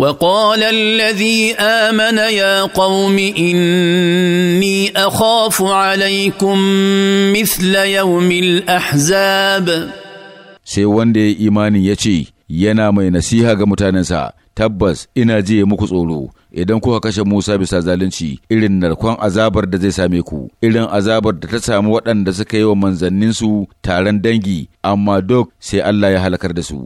وقال الذي امن يا قوم اني اخاف عليكم مثل يوم الاحزاب sai wanda ya yi imani ya ce yana mai nasiha ga mutanensa tabbas ina jiye muku tsoro idan kuka kashe Musa bisa zalunci irin narkon azabar da zai same ku irin azabar da ta samu waɗanda suka yi wa manzanninsu taron dangi amma duk sai Allah ya halakar da su